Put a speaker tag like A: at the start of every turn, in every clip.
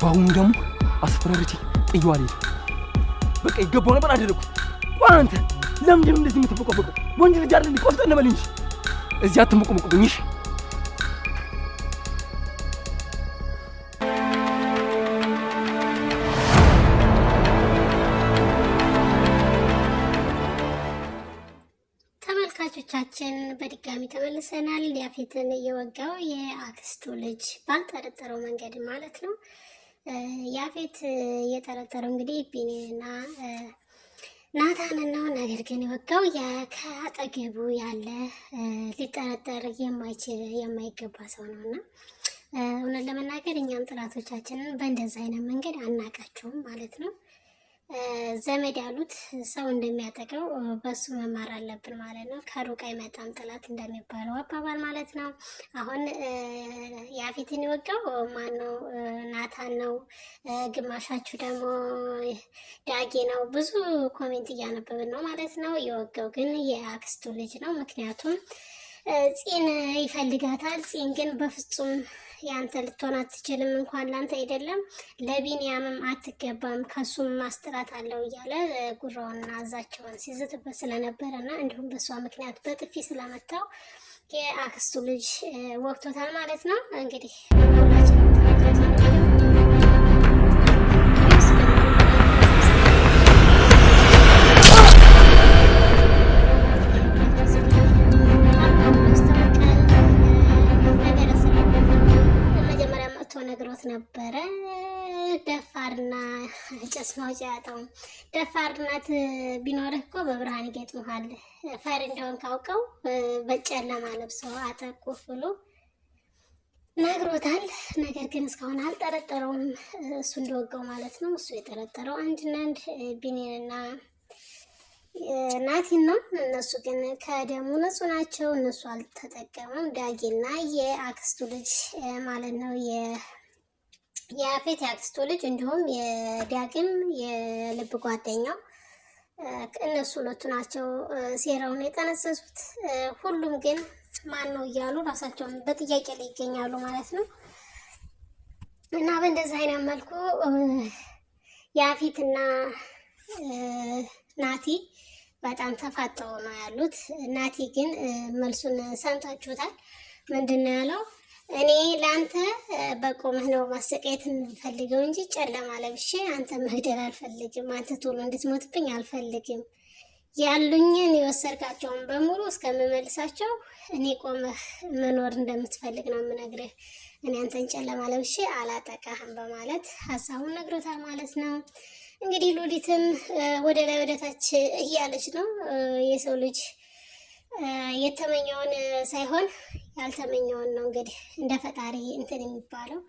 A: በአሁኑ ደግሞ አስፈራርቼ ጥዬው አልሄድም። በቃ ይገባው ነበር አደረኩት። ቆይ አንተ ለምንድን ነው እንደዚህ የምትበቀበቀው? ወንድ ልጅ አይደል? ቆፍጠን በል እንጂ እዚህ አትንበቀበቅብኝ። እሺ
B: ተመልካቾቻችን በድጋሚ ተመልሰናል። ያፌትን የወጋው የአክስቱ ልጅ ባልጠረጠረው መንገድ ማለት ነው። ያፌት እየጠረጠረው እንግዲህ ቢኒና ናታን ነው። ነገር ግን የወጋው ከአጠገቡ ያለ ሊጠረጠር የማይችል የማይገባ ሰው ነው እና እውነት ለመናገር እኛም ጥላቶቻችንን በእንደዚህ አይነት መንገድ አናቃቸውም ማለት ነው። ዘመድ ያሉት ሰው እንደሚያጠቀው በሱ መማር አለብን ማለት ነው። ከሩቅ አይመጣም ጠላት እንደሚባለው አባባል ማለት ነው። አሁን ያፌትን የወጋው ማን ነው? ናታን ነው። ግማሻችሁ ደግሞ ዳጌ ነው። ብዙ ኮሜንት እያነበብን ነው ማለት ነው። የወጋው ግን የአክስቱ ልጅ ነው። ምክንያቱም ጺን ይፈልጋታል። ጺን ግን በፍጹም የአንተ ልትሆን አትችልም፣ እንኳን ለአንተ አይደለም ለቢንያምም አትገባም፣ ከሱም ማስጥራት አለው እያለ ጉራውንና አዛቸውን ሲዝትበት ስለነበረና እንዲሁም በእሷ ምክንያት በጥፊ ስለመታው የአክስቱ ልጅ ወቅቶታል ማለት ነው እንግዲህ ነበረ። ደፋርና ጭስ ማውጫ ያጣው ደፋርናት ናት ቢኖርህ እኮ በብርሃን ይገጥመሃል። ፈሪ እንደሆን ካውቀው በጨለማ ለብሶ አጠቁ ብሎ ነግሮታል። ነገር ግን እስካሁን አልጠረጠረውም፣ እሱ እንደወጋው ማለት ነው። እሱ የጠረጠረው አንድና አንድ ቢኒንና ናቲን ነው። እነሱ ግን ከደሙ ንጹህ ናቸው። እነሱ አልተጠቀሙም። ዳጌና የአክስቱ ልጅ ማለት ነው የአፌት የአክስቱ ልጅ እንዲሁም የዳግም የልብ ጓደኛው እነሱ ሁለቱ ናቸው ሴራውን የጠነሰሱት። ሁሉም ግን ማን ነው እያሉ ራሳቸውን በጥያቄ ላይ ይገኛሉ ማለት ነው። እና በእንደዚህ አይነት መልኩ የአፌትና ናቲ በጣም ተፋጠው ነው ያሉት። ናቲ ግን መልሱን ሰምታችሁታል። ምንድን ነው ያለው? እኔ ለአንተ በቆመህ ነው ማሰቃየት የምፈልገው እንጂ ጨለማ ለብሼ አንተ መግደል አልፈልግም። አንተ ቶሎ እንድትሞትብኝ አልፈልግም። ያሉኝን የወሰድካቸውን በሙሉ እስከምመልሳቸው እኔ ቆመህ መኖር እንደምትፈልግ ነው የምነግርህ። እኔ አንተን ጨለማ ለብሼ አላጠቃህም በማለት ሀሳቡን ነግሮታል ማለት ነው። እንግዲህ ሉሊትም ወደ ላይ ወደታች እያለች ነው የሰው ልጅ የተመኘውን ሳይሆን ያልተመኘውን ነው እንግዲህ እንደ ፈጣሪ እንትን የሚባለው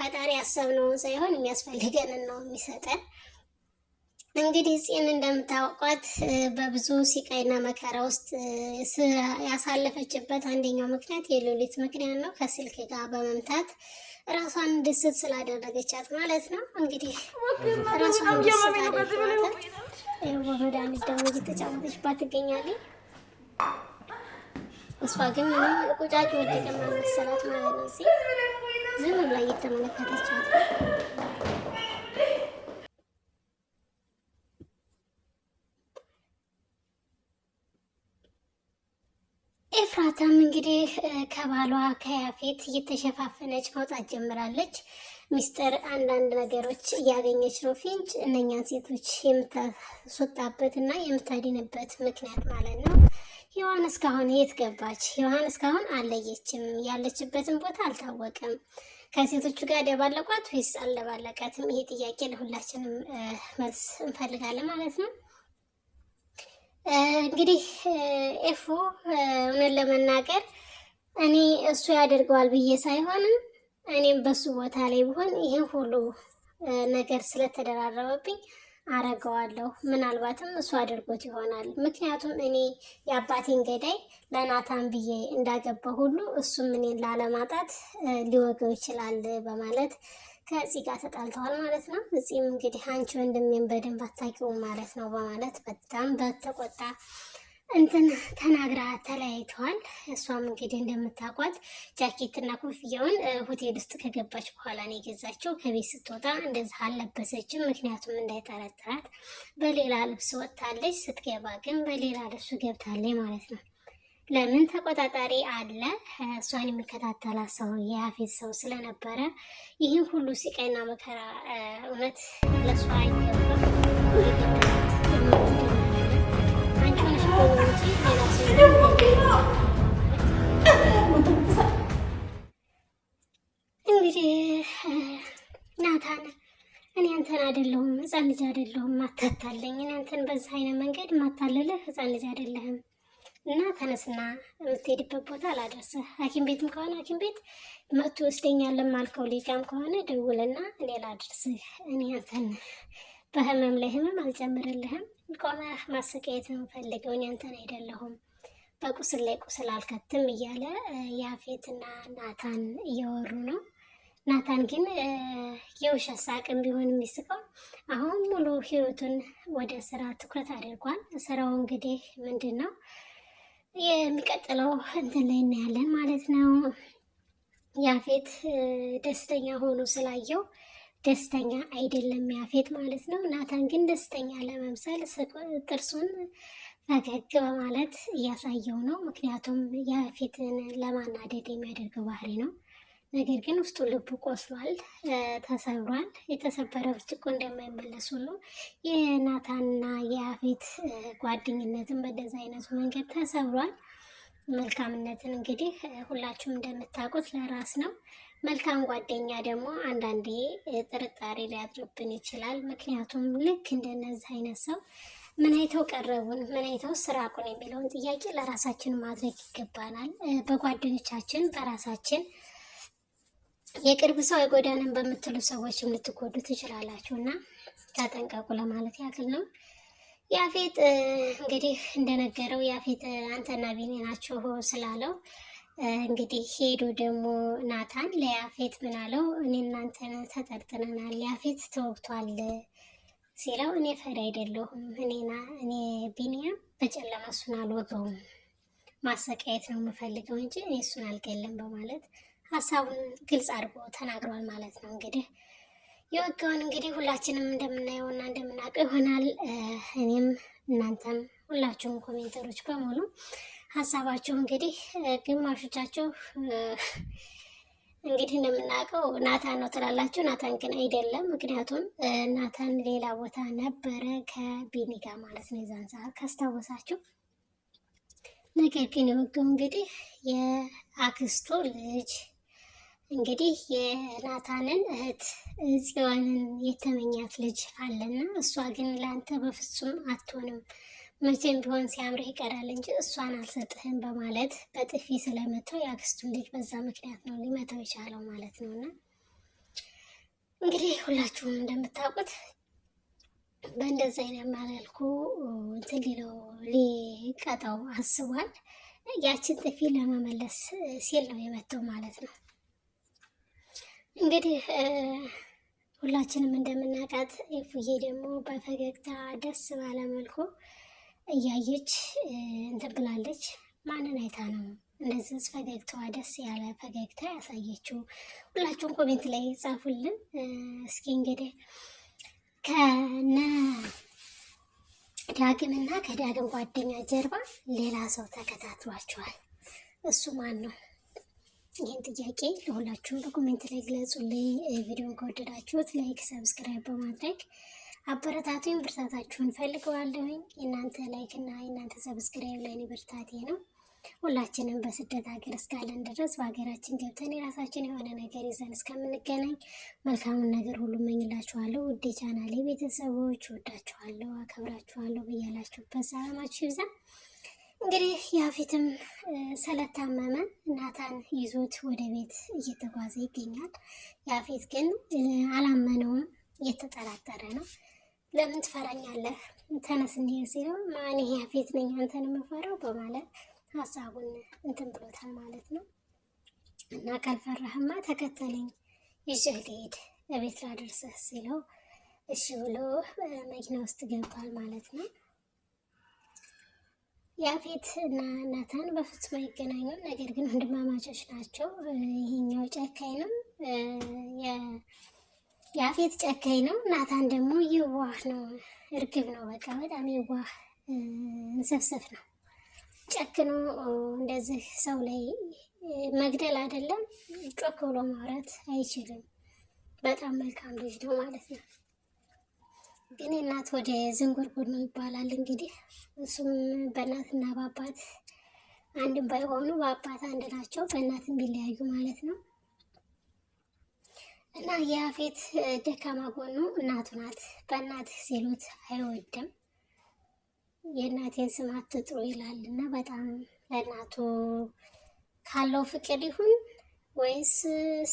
B: ፈጣሪ ያሰብነውን ሳይሆን የሚያስፈልገንን ነው የሚሰጠን። እንግዲህ ፂን እንደምታውቋት በብዙ ሲቃይና መከራ ውስጥ ያሳለፈችበት አንደኛው ምክንያት የሉሊት ምክንያት ነው። ከስልክ ጋር በመምታት ራሷን እንድስት ስላደረገቻት ማለት ነው። እንግዲህ ራሷን እንድስት አደረገቻት። በመድኃኒት ደግሞ እየተጫወተችባት ትገኛለች። እሷ ግን ምንም ቁጫጭ ወደቀማ መሰላት ማለት ነው። እዚህ ዝም ብላ እየተመለከተቻት ኤፍራታም እንግዲህ ከባሏ ከያፌት እየተሸፋፈነች መውጣት ጀምራለች። ሚስጥር አንዳንድ ነገሮች እያገኘች ነው። ፊንጭ እነኛን ሴቶች የምታስወጣበት እና የምታድንበት ምክንያት ማለት ነው። ሔዋን እስካሁን የት ገባች? ሔዋን እስካሁን አለየችም። ያለችበትን ቦታ አልታወቀም። ከሴቶቹ ጋር ደባለቋት ወይስ አልደባለቃትም? ይሄ ጥያቄ ለሁላችንም መልስ እንፈልጋለን ማለት ነው። እንግዲህ ኤፎ እውነት ለመናገር እኔ እሱ ያደርገዋል ብዬ ሳይሆንም እኔም በሱ ቦታ ላይ ብሆን ይህን ሁሉ ነገር ስለተደራረበብኝ አረገዋለሁ። ምናልባትም እሱ አድርጎት ይሆናል። ምክንያቱም እኔ የአባቴን ገዳይ ለናታን ብዬ እንዳገባ ሁሉ እሱም እኔን ላለማጣት ሊወገው ይችላል በማለት ከዚህ ጋር ተጣልተዋል ማለት ነው። እዚህም እንግዲህ አንቺ ወንድሜን በደንብ አታውቂውም ማለት ነው በማለት በጣም በተቆጣ እንትን ተናግራ ተለያይተዋል። እሷም እንግዲህ እንደምታውቋት ጃኬትና ኮፍያውን ሆቴል ውስጥ ከገባች በኋላ ነው የገዛቸው። ከቤት ስትወጣ እንደዛ አልለበሰችም፣ ምክንያቱም እንዳይጠረጥራት በሌላ ልብስ ወጥታለች። ስትገባ ግን በሌላ ልብሱ ገብታለች ማለት ነው። ለምን ተቆጣጣሪ አለ፣ እሷን የሚከታተላ ሰው የያፌት ሰው ስለነበረ ይህን ሁሉ ስቃይና መከራ እውነት ለእሷ አይገባም። እንግዲህ ናታን እኔ አንተን አይደለሁም ህፃን ልጅ አይደለሁም አታታለኝ። እኔ አንተን በዚህ አይነት መንገድ ማታለልህ ህፃን ልጅ አይደለህም እና ተነስና የምትሄድበት ቦታ አላደርስህ። ሐኪም ቤትም ከሆነ ሐኪም ቤት መጥቶ ወስደኛል ለማልከው ልጅ ከሆነ ደውልና እኔ ላደርስህ እኔ አንተን በህመም ላይ ህመም አልጨምርልህም። ቆመህ ማሰቃየት ነው እኔ አንተን አይደለሁም። በቁስል ላይ ቁስል አልከትም እያለ ያፌትና ናታን እያወሩ ነው። ናታን ግን የውሸት ሳቅም ቢሆን የሚስቀው አሁን ሙሉ ህይወቱን ወደ ስራ ትኩረት አድርጓል። ስራው እንግዲህ ምንድን ነው የሚቀጥለው እንትን ላይ እናያለን ማለት ነው። ያፌት ደስተኛ ሆኖ ስላየው ደስተኛ አይደለም ያፌት ማለት ነው። ናታን ግን ደስተኛ ለመምሰል ጥርሱን ፈገግ በማለት እያሳየው ነው። ምክንያቱም ያፌትን ለማናደድ የሚያደርገው ባህሪ ነው። ነገር ግን ውስጡ ልቡ ቆስሏል፣ ተሰብሯል። የተሰበረ ብርጭቆ እንደማይመለስ ሁሉ የናታንና የያፌት ጓደኝነትን በደዚ አይነቱ መንገድ ተሰብሯል። መልካምነትን እንግዲህ ሁላችሁም እንደምታውቁት ለራስ ነው። መልካም ጓደኛ ደግሞ አንዳንዴ ጥርጣሬ ሊያድርብን ይችላል። ምክንያቱም ልክ እንደነዚህ አይነት ሰው ምን አይተው ቀረቡን፣ ምን አይተው ስራቁን የሚለውን ጥያቄ ለራሳችን ማድረግ ይገባናል። በጓደኞቻችን በራሳችን የቅርብ ሰው አይጎዳንም በምትሉ ሰዎችም ልትጎዱ ትችላላችሁ እና ተጠንቀቁ ለማለት ያክል ነው። ያፌት እንግዲህ እንደነገረው ያፌት አንተና ቢኒ ናችሁ ስላለው እንግዲህ ሄዱ ደግሞ ናታን ለያፌት ምን አለው? እኔ እናንተን ተጠርጥረናል፣ ያፌት ተወግቷል ሲለው እኔ ፈሪ አይደለሁም፣ እኔና እኔ ቢኒያም በጨለማ እሱን አልወገውም፣ ማሰቃየት ነው የምፈልገው እንጂ እኔ እሱን አልገለም በማለት ሀሳቡን ግልጽ አድርጎ ተናግሯል ማለት ነው። እንግዲህ የወገውን እንግዲህ ሁላችንም እንደምናየውና እንደምናውቀው ይሆናል። እኔም እናንተም ሁላችሁም ኮሜንተሮች በሙሉ ሀሳባቸው እንግዲህ ግማሾቻቸው እንግዲህ እንደምናውቀው ናታን ነው ትላላችሁ። ናታን ግን አይደለም። ምክንያቱም ናታን ሌላ ቦታ ነበረ ከቢኒ ጋር ማለት ነው የዛን ሰዓት ካስታወሳችሁ። ነገር ግን የወገው እንግዲህ የአክስቱ ልጅ እንግዲህ የናታንን እህት ጽዮንን የተመኛት ልጅ አለና እሷ ግን ለአንተ በፍጹም አትሆንም መቼም ቢሆን ሲያምርህ ይቀራል እንጂ እሷን አልሰጥህም በማለት በጥፊ ስለመታው የአክስቱን ልጅ በዛ ምክንያት ነው ሊመታው የቻለው ማለት ነው። እና እንግዲህ ሁላችሁም እንደምታውቁት በእንደዚህ አይነት መልኩ እንትን ሊለው አስቧል። ያችን ጥፊ ለመመለስ ሲል ነው የመተው ማለት ነው። እንግዲህ ሁላችንም እንደምናውቃት ኢፉዬ ደግሞ በፈገግታ ደስ ባለ መልኩ እያየች እንትን ብላለች። ማንን አይታ ነው እንደዚህ ፈገግታዋ ደስ ያለ ፈገግታ ያሳየችው? ሁላችሁም ኮሜንት ላይ ጻፉልን እስኪ። እንግዲህ ከነ ዳግም እና ከዳግም ጓደኛ ጀርባ ሌላ ሰው ተከታትሏቸዋል። እሱ ማን ነው? ይህን ጥያቄ ለሁላችሁም በኮሜንት ላይ ግለጹልኝ። ቪዲዮን ከወደዳችሁት ላይክ፣ ሰብስክራይብ በማድረግ አበረታቱኝ። ብርታታችሁን ፈልገዋለሁኝ። የእናንተ ላይክ እና የእናንተ ሰብስክራይብ ለእኔ ብርታቴ ነው። ሁላችንም በስደት ሀገር እስካለን ድረስ በሀገራችን ገብተን የራሳችን የሆነ ነገር ይዘን እስከምንገናኝ መልካሙን ነገር ሁሉ መኝላችኋለሁ። ውዴ ቻናሌ ቤተሰቦች ወዳችኋለሁ፣ አከብራችኋለሁ። ብያላችሁበት ሰላማችሁ ይብዛ። እንግዲህ ያፌትም ስለታመመ ናታን ይዞት ወደ ቤት እየተጓዘ ይገኛል። ያፌት ግን አላመነውም፣ እየተጠራጠረ ነው። ለምን ትፈራኛለህ? ተነስ እንዲህ ሲለው እኔ ያፌት ነኝ አንተን የምፈራው በማለት ሀሳቡን እንትን ብሎታል ማለት ነው። እና ካልፈራህማ ተከተለኝ ይዤህ ልሄድ እቤት ላደርስህ ሲለው እሺ ብሎ መኪና ውስጥ ገብቷል ማለት ነው። ያፌት እና ናታን በፍጹም አይገናኙም። ነገር ግን ወንድማማቾች ናቸው። ይሄኛው ጨካኝ ነው። ያፌት ጨካኝ ነው፣ ናታን ደግሞ የዋህ ነው፣ እርግብ ነው። በቃ በጣም የዋህ እንሰፍሰፍ ነው። ጨክኖ እንደዚህ ሰው ላይ መግደል አይደለም ጮክ ብሎ ማውራት አይችልም። በጣም መልካም ልጅ ነው ማለት ነው። ግን እናት ወደ ዝንጉርጉር ነው ይባላል እንግዲህ እሱም በእናትና በአባት አንድም ባይሆኑ በአባት አንድ ናቸው፣ በእናትም ቢለያዩ ማለት ነው። እና የአፌት ደካማ ጎኑ እናቱ ናት። በእናት ሲሉት አይወድም። የእናቴን ስም አትጥሩ ይላል እና በጣም ለእናቱ ካለው ፍቅር ይሁን ወይስ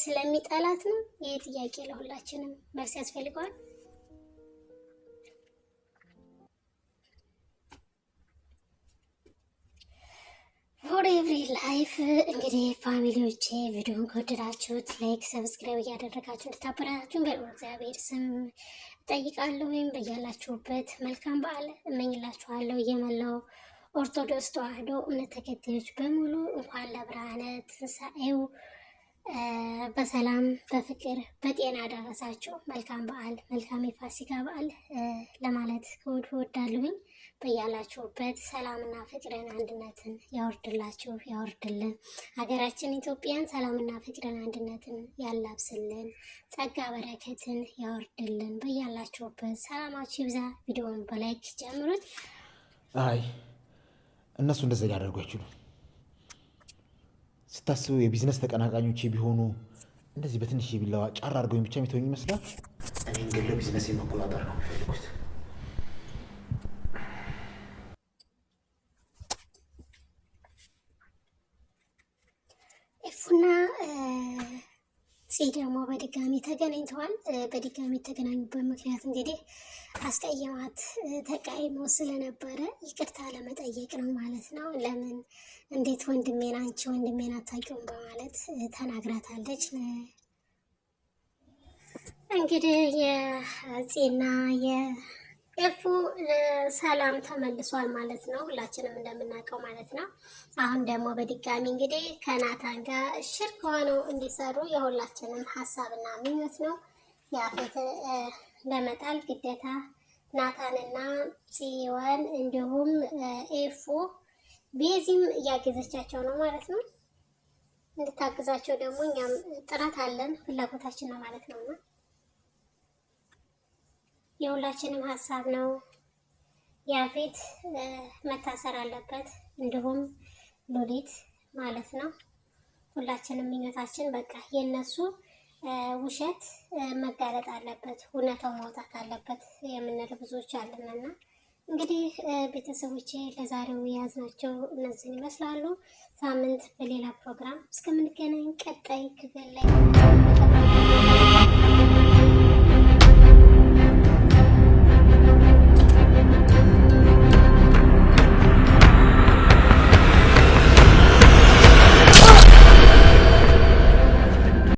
B: ስለሚጠላት ነው? ይህ ጥያቄ ለሁላችንም መልስ ያስፈልገዋል። ፎር ኤቭሪ ላይፍ እንግዲህ ፋሚሊዎቼ ቪዲዮን ከወደዳችሁት ላይክ፣ ሰብስክራይብ እያደረጋችሁ እንድታበረታችሁን በልዑል እግዚአብሔር ስም እጠይቃለሁ። ወይም በያላችሁበት መልካም በዓል እመኝላችኋለሁ። የመላው ኦርቶዶክስ ተዋሕዶ እምነት ተከታዮች በሙሉ እንኳን ለብርሃነ ትንሣኤው በሰላም በፍቅር በጤና አደረሳችሁ። መልካም በዓል መልካም የፋሲካ በዓል ለማለት ከወድ ወዳለሁኝ በያላችሁበት ሰላምና ፍቅርን አንድነትን ያወርድላችሁ ያወርድልን። ሀገራችን ኢትዮጵያን ሰላምና ፍቅርን አንድነትን ያላብስልን፣ ጸጋ በረከትን ያወርድልን። በያላችሁበት ሰላማችሁ ይብዛ። ቪዲዮውን በላይክ ጀምሩት።
A: አይ እነሱ እንደዛ ሊያደርጉ አይችሉም። ስታስቡ የቢዝነስ ተቀናቃኞች ቢሆኑ እንደዚህ በትንሽ ቢላዋ ጫራ አድርገው ብቻ የሚተወኝ ይመስላል። እኔ ግን ቢዝነስ መቆጣጠር ነው የሚፈልጉት
B: ፂ ደግሞ በድጋሚ ተገናኝተዋል። በድጋሚ የተገናኙበት ምክንያት እንግዲህ አስቀየማት ተቃይሞ ስለነበረ ይቅርታ ለመጠየቅ ነው ማለት ነው። ለምን እንዴት ወንድሜን አንቺ ወንድሜን አታውቂውም በማለት ተናግራታለች። እንግዲህ የ ኤፉ ሰላም ተመልሷል ማለት ነው፣ ሁላችንም እንደምናውቀው ማለት ነው። አሁን ደግሞ በድጋሚ እንግዲህ ከናታን ጋር ሽርክ ሆነው እንዲሰሩ የሁላችንም ሀሳብና ምኞት ነው። ያፌት ለመጣል ግዴታ ናታንና ጽዮን እንዲሁም ኤፉ ቤዚም እያገዘቻቸው ነው ማለት ነው። እንድታግዛቸው ደግሞ እኛም ጥረት አለን፣ ፍላጎታችን ነው ማለት ነውና የሁላችንም ሀሳብ ነው። ያፌት መታሰር አለበት፣ እንዲሁም ሉሊት ማለት ነው። ሁላችንም ምኞታችን በቃ የነሱ ውሸት መጋለጥ አለበት፣ እውነታው መውጣት አለበት የምንል ብዙዎች አለንና እንግዲህ ቤተሰቦቼ ለዛሬው የያዝናቸው እነዚህን ይመስላሉ። ሳምንት በሌላ ፕሮግራም እስከምንገናኝ ቀጣይ ክፍል ላይ